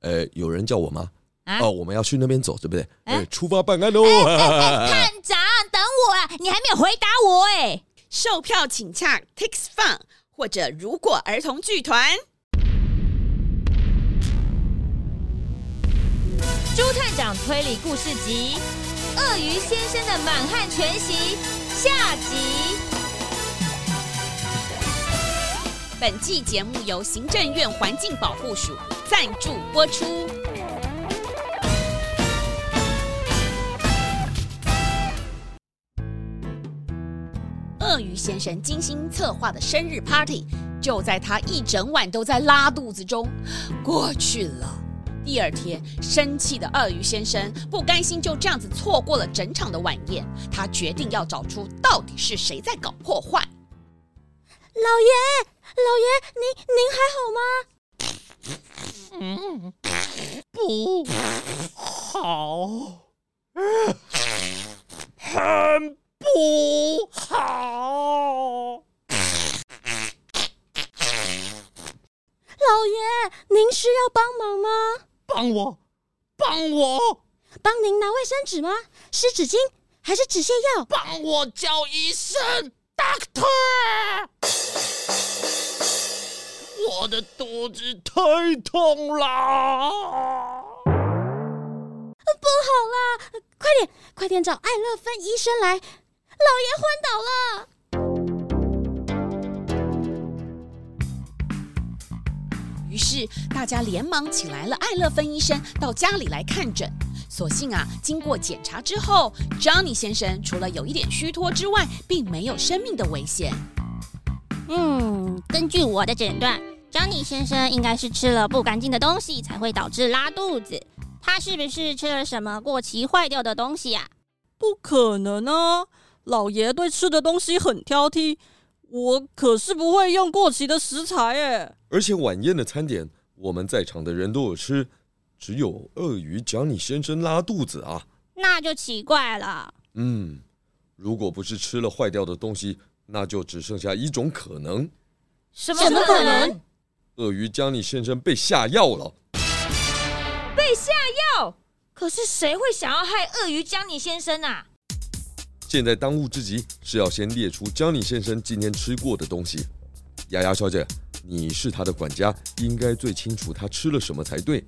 呃，有人叫我嗎？啊，哦，我們要去那邊走，對不對？哎、啊呃，出發辦案嘍、哦！哎哎、欸欸欸、探長，等我啊！你還沒有回答我哎、欸。售票請洽《Tix Fun》，或者如果兒童劇團。豬探長推理故事集《鱷魚先生的滿漢全席》下集。本季節目由行政院環境保護署贊助播出。鱷魚先生精心策劃的生日 party 就在他一整晚都在拉肚子中過去了。第二天，生氣的鱷魚先生不甘心就這樣子錯過了整場的晚宴，他決定要找出到底是誰在搞破壞。老爺，老爺，您您還好嗎？嗯，不好，很不好。老爺，您需要幫忙嗎？幫我，幫我，幫您拿衛生紙嗎？濕紙巾還是止瀉藥？幫我叫醫生。Doctor。我的肚子太痛了！不好啦，快點，快點找艾樂芬醫生來！老爺昏倒了。於是大家連忙請來了艾樂芬醫生到家裡來看診。所幸啊，經過檢查之後，Johnny 先生除了有一點虛脫之外，並沒有生命的危險。嗯，根據我的診斷。Jonny 先生應該是吃了不乾淨的東西才會導致拉肚子。他是不是吃了什麼過期壞掉的東西呀、啊？不可能啊！老爺對吃的東西很挑剔，我可是不會用過期的食材誒。而且晚宴的餐點，我們在場的人都有吃，只有鱷魚 Jonny 先生拉肚子啊，那就奇怪了。嗯，如果不是吃了壞掉的東西，那就只剩下一種可能，什麼可能？什麼可能？鱷魚 Jonny 先生被下藥了，被下藥。可是誰會想要害鱷魚 Jonny 先生啊？現在當務之急是要先列出 Jonny 先生今天吃過的東西。牙牙小姐，你是他的管家，應該最清楚他吃了什麼才對。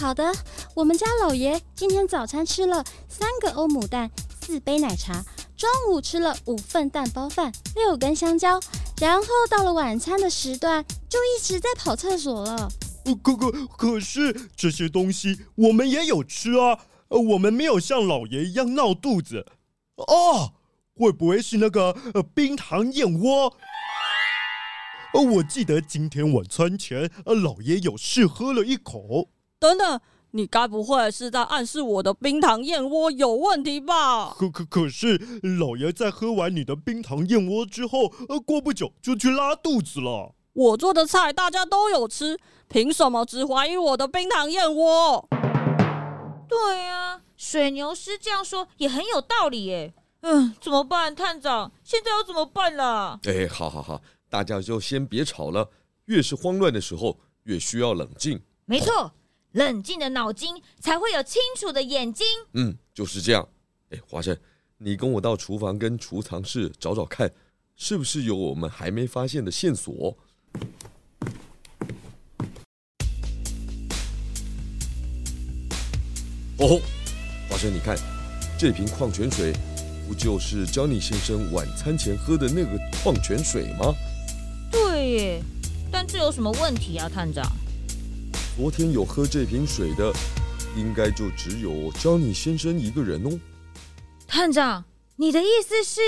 好的，我們家老爺今天早餐吃了三個歐姆蛋，四杯奶茶，中午吃了五份蛋包飯，六根香蕉。然後到了晚餐的時段，就一直在跑廁所了。可可，可是這些東西我們也有吃啊，我們沒有像老爺一樣鬧肚子。哦，會不會是那個，呃，冰糖燕窩？呃，我記得今天晚餐前，呃，老爺有試喝了一口。等等。你該不會是在暗示我的冰糖燕窩有問題吧？可可可是，老爺在喝完你的冰糖燕窩之後，呃，過不久就去拉肚子了。我做的菜大家都有吃，憑什麼只懷疑我的冰糖燕窩？對呀，啊，水牛師這樣說也很有道理耶。嗯，怎麼辦，探長？現在要怎麼辦啦？哎，好好好，大家就先別吵了。越是慌亂的時候，越需要冷靜。沒錯。冷靜的腦筋才會有清楚的眼睛。嗯，就是這樣。哎、欸，花生，你跟我到廚房跟儲藏室找找看，是不是有我們還沒發現的線索？哦，花生，你看，這瓶礦泉水，不就是 Jonny 先生晚餐前喝的那個礦泉水嗎？對，哎，但這有什麼問題啊，探長？昨天有喝這瓶水的，應該就只有 Jonny 先生一個人哦。探長，你的意思是？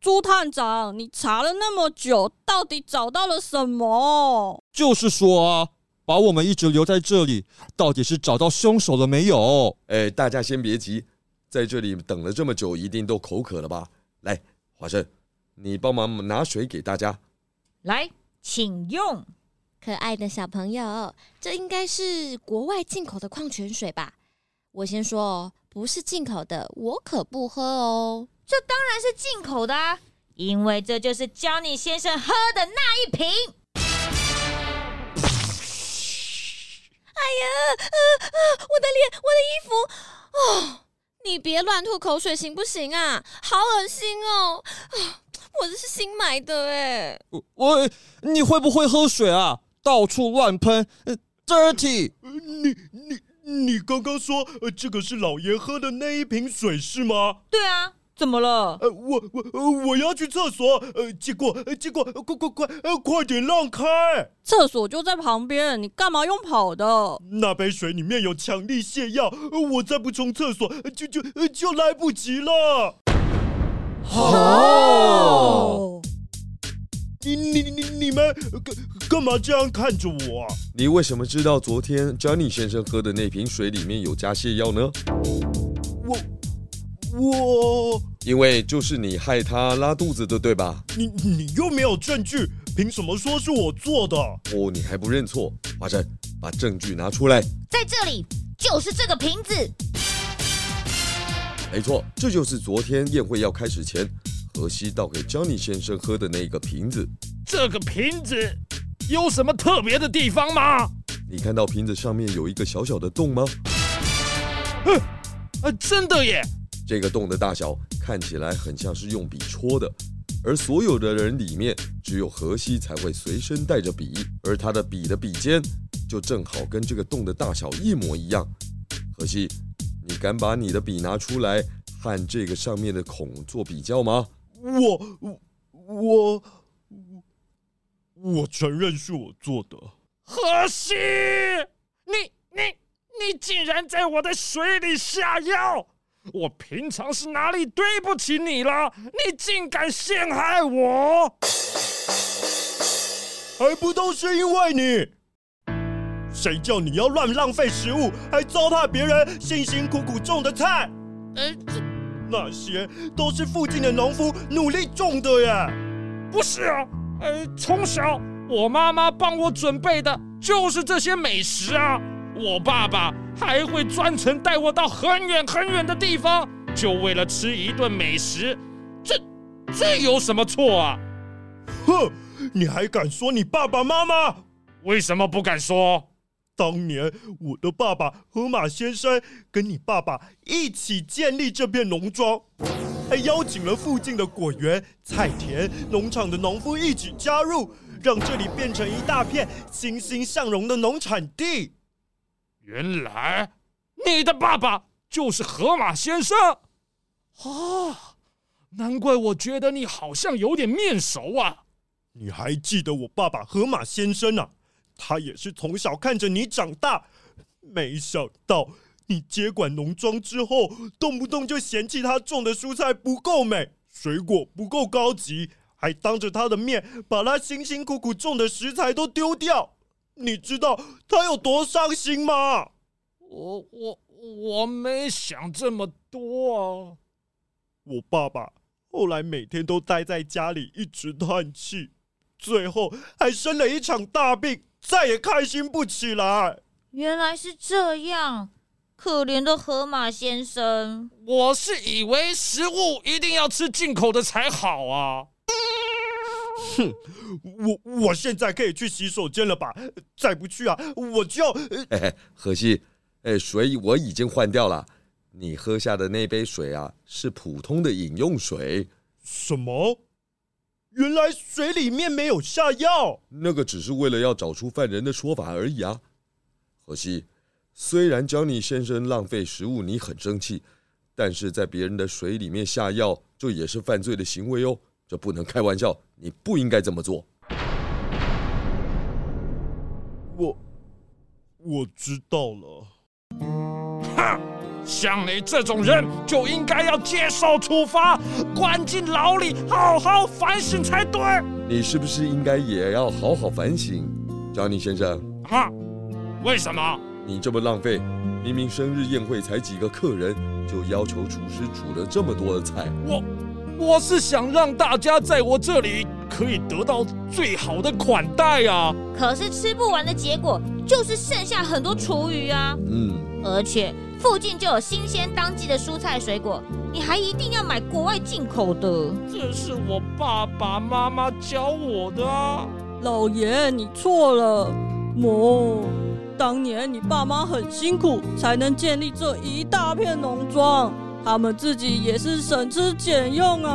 豬探長，你查了那麼久，到底找到了什麼？就是說啊，把我們一直留在這裡，到底是找到兇手了沒有？哎，大家先別急，在這裡等了這麼久，一定都口渴了吧？來，花生，你幫忙拿水給大家。來。請用，可愛的小朋友，這應該是國外進口的礦泉水吧？我先說，不是進口的，我可不喝哦。這當然是進口的，啊，因為這就是 Jonny 先生喝的那一瓶。噓！哎呀，啊、呃、啊！我的臉，我的衣服，哦！你別亂吐口水行不行啊？好噁心哦！啊我這是新買的哎、欸！我、呃，你會不會喝水啊？到處亂噴，dirty！你你你剛剛說呃，這個是老爺喝的那一瓶水是嗎？對啊，怎麼了？呃，我我我要去廁所，呃，結果結果，結果快快快、呃，快點讓開！廁所就在旁邊，你幹嘛用跑的？那杯水裡面有強力瀉藥，我再不衝廁所、呃、就就就來不及了。好、oh! oh!，你你你你們幹幹嘛這樣看着我？啊？你為什麼知道昨天 Johnny 先生喝的那瓶水裡面有加瀉藥呢？我我，我因為就是你害他拉肚子的，對吧？你你又沒有證據，憑什麼說是我做的？哦，你還不認錯？花生，把證據拿出來，在這裡，就是這個瓶子。沒錯，這就是昨天宴會要開始前，荷西倒給 Jonny 先生喝的那個瓶子。這個瓶子有什麼特別的地方嗎？你看到瓶子上面有一個小小的洞嗎？呃、哎哎，真的耶！這個洞的大小看起來很像是用筆戳的，而所有的人裡面，只有荷西才會隨身帶着筆，而他的筆的筆尖就正好跟這個洞的大小一模一樣。荷西。敢把你的筆拿出來和這個上面的孔做比較嗎？我我我承認是我做的。何西，你你你竟然在我的水裡下藥！我平常是哪裡對不起你了？你竟敢陷害我，還不都是因為你！誰叫你要亂浪費食物，還糟蹋別人辛辛苦苦種的菜？誒，這，那些都是附近的農夫努力種的呀。不是啊，呃，從小我媽媽幫我準備的就是這些美食啊。我爸爸還會專程帶我到很遠很遠的地方，就為了吃一頓美食。這這有什麼錯啊？哼，你還敢說你爸爸媽媽？為什麼不敢說？當年，我的爸爸河馬先生跟你爸爸一起建立這片農莊，還邀請了附近的果園、菜田、農場的農夫一起加入，讓這裡變成一大片欣欣向榮的農產地。原來，你的爸爸就是河馬先生，啊、哦，難怪我覺得你好像有點面熟啊！你還記得我爸爸河馬先生呢、啊？他也是從小看着你長大，沒想到你接管農莊之後，動不動就嫌棄他種的蔬菜不夠美，水果不夠高級，還當着他的面把他辛辛苦苦種的食材都丟掉。你知道他有多傷心嗎？我我我沒想這麼多啊。我爸爸後來每天都待在家裡，一直嘆氣，最後還生了一場大病。再也開心不起來。原來是這樣，可憐的河馬先生。我是以為食物一定要吃進口的才好啊。嗯、哼，我我現在可以去洗手間了吧？再不去啊，我就……可惜，欸，水，欸、我已經換掉了。你喝下的那杯水啊，是普通的飲用水。什麼？原來水裡面沒有下藥，那個只是為了要找出犯人的說法而已啊。可惜，雖然 Jonny 先生浪費食物，你很生氣，但是在別人的水裡面下藥，這也是犯罪的行為哦。這不能開玩笑，你不應該這麼做。我，我知道了。像你這種人就應該要接受處罰，關進牢裡好好反省才對。你是不是應該也要好好反省，強尼先生？啊？為什麼？你這麼浪費，明明生日宴會才幾個客人，就要求廚師煮了這麼多的菜。我，我是想讓大家在我這裡可以得到最好的款待啊。可是吃不完的結果就是剩下很多廚餘啊。嗯，而且。附近就有新鮮當季的蔬菜水果，你還一定要買國外進口的？這是我爸爸媽媽教我的啊。老爺，你錯了，當年你爸媽很辛苦才能建立這一大片農莊，他們自己也是省吃儉用啊，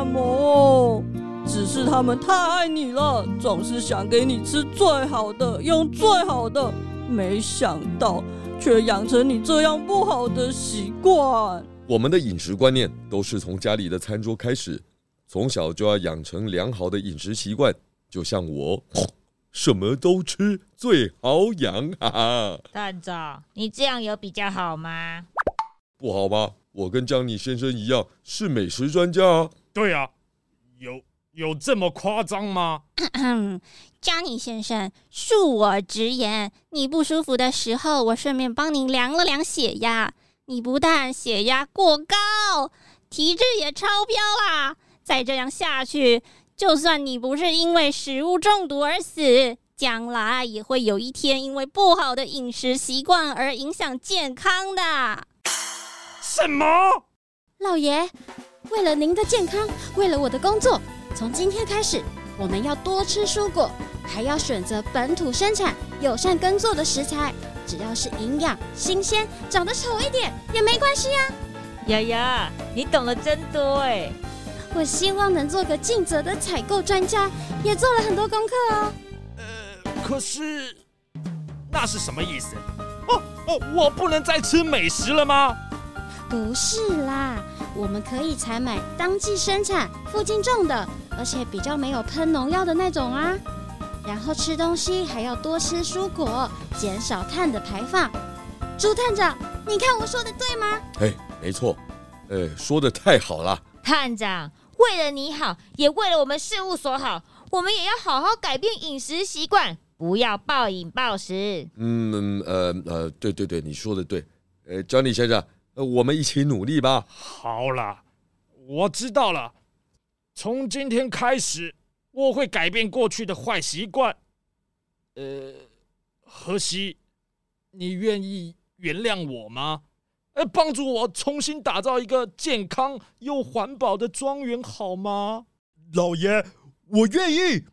只是他們太愛你了，總是想給你吃最好的，用最好的，沒想到。卻養成你這樣不好的習慣。我們的飲食觀念都是從家裡的餐桌開始，從小就要養成良好的飲食習慣。就像我，什麼都吃最好養啊！蛋總，你這樣有比較好嗎？不好吧？我跟強尼先生一樣是美食專家啊！對啊，有。有這麼誇張嗎？咳咳，Johnny 先生，恕我直言，你不舒服的時候，我順便幫您量了量血壓。你不但血壓過高，體質也超標啦。再這樣下去，就算你不是因為食物中毒而死，將來也會有一天因為不好的飲食習慣而影響健康的。什麼？老爺，為了您的健康，為了我的工作。從今天開始，我們要多吃蔬果，還要選擇本土生產、友善耕作的食材。只要是營養、新鮮，長得醜一點也沒關係啊！牙牙，你懂得真多哎！我希望能做個盡責的採購專家，也做了很多功課哦。呃，可是那是什麼意思？哦哦，我不能再吃美食了嗎？不是啦，我們可以採買當季生產、附近種的。而且比較沒有噴農藥的那種啊，然後吃東西還要多吃蔬果，減少碳的排放。豬探長，你看我說的對嗎？哎，沒錯，呃，說的太好了。探長，為了你好，也為了我們事務所好，我們也要好好改變飲食習慣，不要暴飲暴食。嗯，嗯，呃呃，對對對，你說的對。呃，Johnny 先生，呃，我們一起努力吧。好了，我知道了。從今天開始，我會改變過去的壞習慣。呃，荷西，你願意原諒我嗎？呃，幫助我重新打造一個健康又環保的莊園好嗎？老爺，我願意。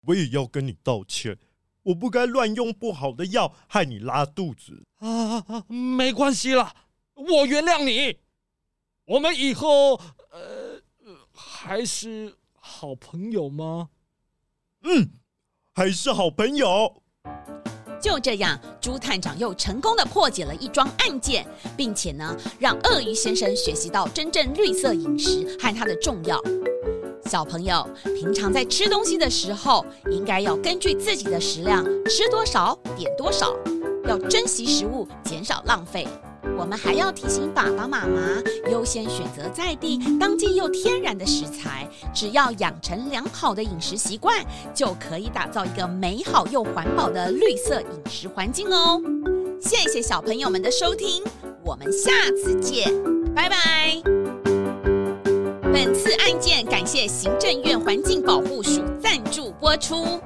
我也要跟你道歉，我不該亂用不好的藥，害你拉肚子。啊，啊，啊！沒關係啦，我原諒你。我們以後，呃。還是好朋友嗎？嗯，還是好朋友。就這樣，豬探長又成功的破解了一樁案件，並且呢，讓鱷魚先生學習到真正綠色飲食和它的重要。小朋友平常在吃東西的時候，應該要根據自己的食量，吃多少，點多少，要珍惜食物，減少浪費。我們還要提醒爸爸媽媽，優先選擇在地、當季又天然的食材。只要養成良好的飲食習慣，就可以打造一個美好又環保的綠色飲食環境哦。謝謝小朋友們的收聽，我們下次見，拜拜。本次案件感謝行政院環境保護署贊助播出。